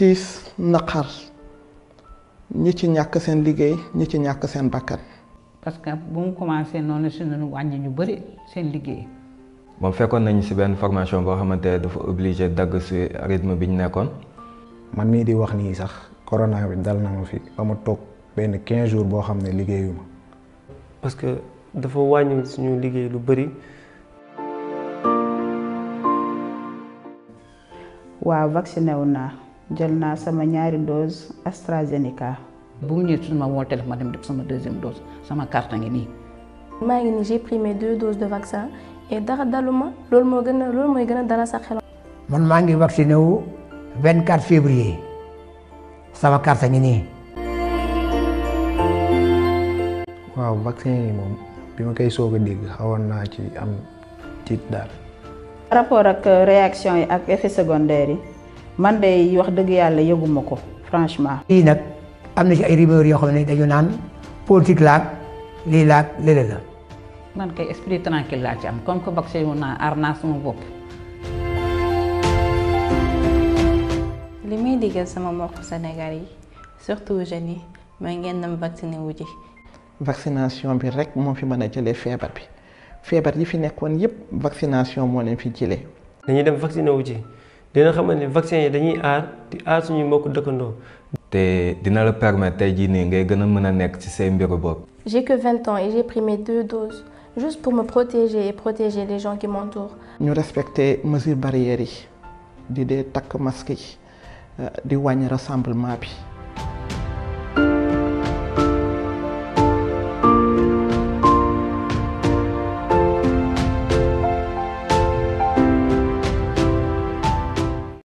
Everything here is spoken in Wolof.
tiis naqar ñi ci ñàkk seen liggéey ñi ci ñàkk seen bakkan. parce que bu mu commencé noonu la ñu wàññi ñu bëri seen liggéey. moom fekkoon nañu si benn formation boo xamante ne dafa obligé dagg si rythme bi ñu nekkoon. man mii di wax nii sax corona bi dal na ma fi ba ma toog benn 15 jours boo xam ne liggéeyuma. parce que dafa wàññi suñu liggéey lu bëri. waaw vacciné naa. jël naa sama ñaari dose AstraZeneca. bu mu ñëwee su ma woo téléphone ma dem def sama deuxième dose sama carte ngi nii. maa ngi nii j'ai pris mes deux doses de vaccin et dara daluma loolu moo gën a loolu mooy gën a dara sa xel. man maa ngi vacciné wu 24 février sama carte ngi nii. waaw vaccin yi moom bi ma koy soog a dégg xawoon naa ci am tiit daal. rapport ak réaction yi ak effets secondaires yi. man de wax dëgg yàlla yëguma ko franchement. lii nag am na ci ay rumeur yoo xam ne dañu naan politique laag lii laag lële la. man kay esprit tranquille laa ci am comme que vaccin wu naa aar naa bopp. li muy digal sama mbokk Sénégal yi surtout jeunes yi mooy ngeen dem vacciné wu ji. vaccination bi rek moo fi mën a jële feebar bi feebar yi fi nekkoon yépp vaccination moo leen fi jëlee. dañuy dem vacciné wu dina xamante ne vaccin yi dañuy aar di aar suñu mbokk dëkkandoo. te dina la permettre tey jii nii ngay gën a mën a nekk ci say mbiru bopp. j'ai que vingt ans et j'ai pris mes deux doses juste pour me protéger et protéger les gens qui m'entourent. ñu respecter mesures barrières yi di dee takk masque yi euh, di wàññi rassemblement bi.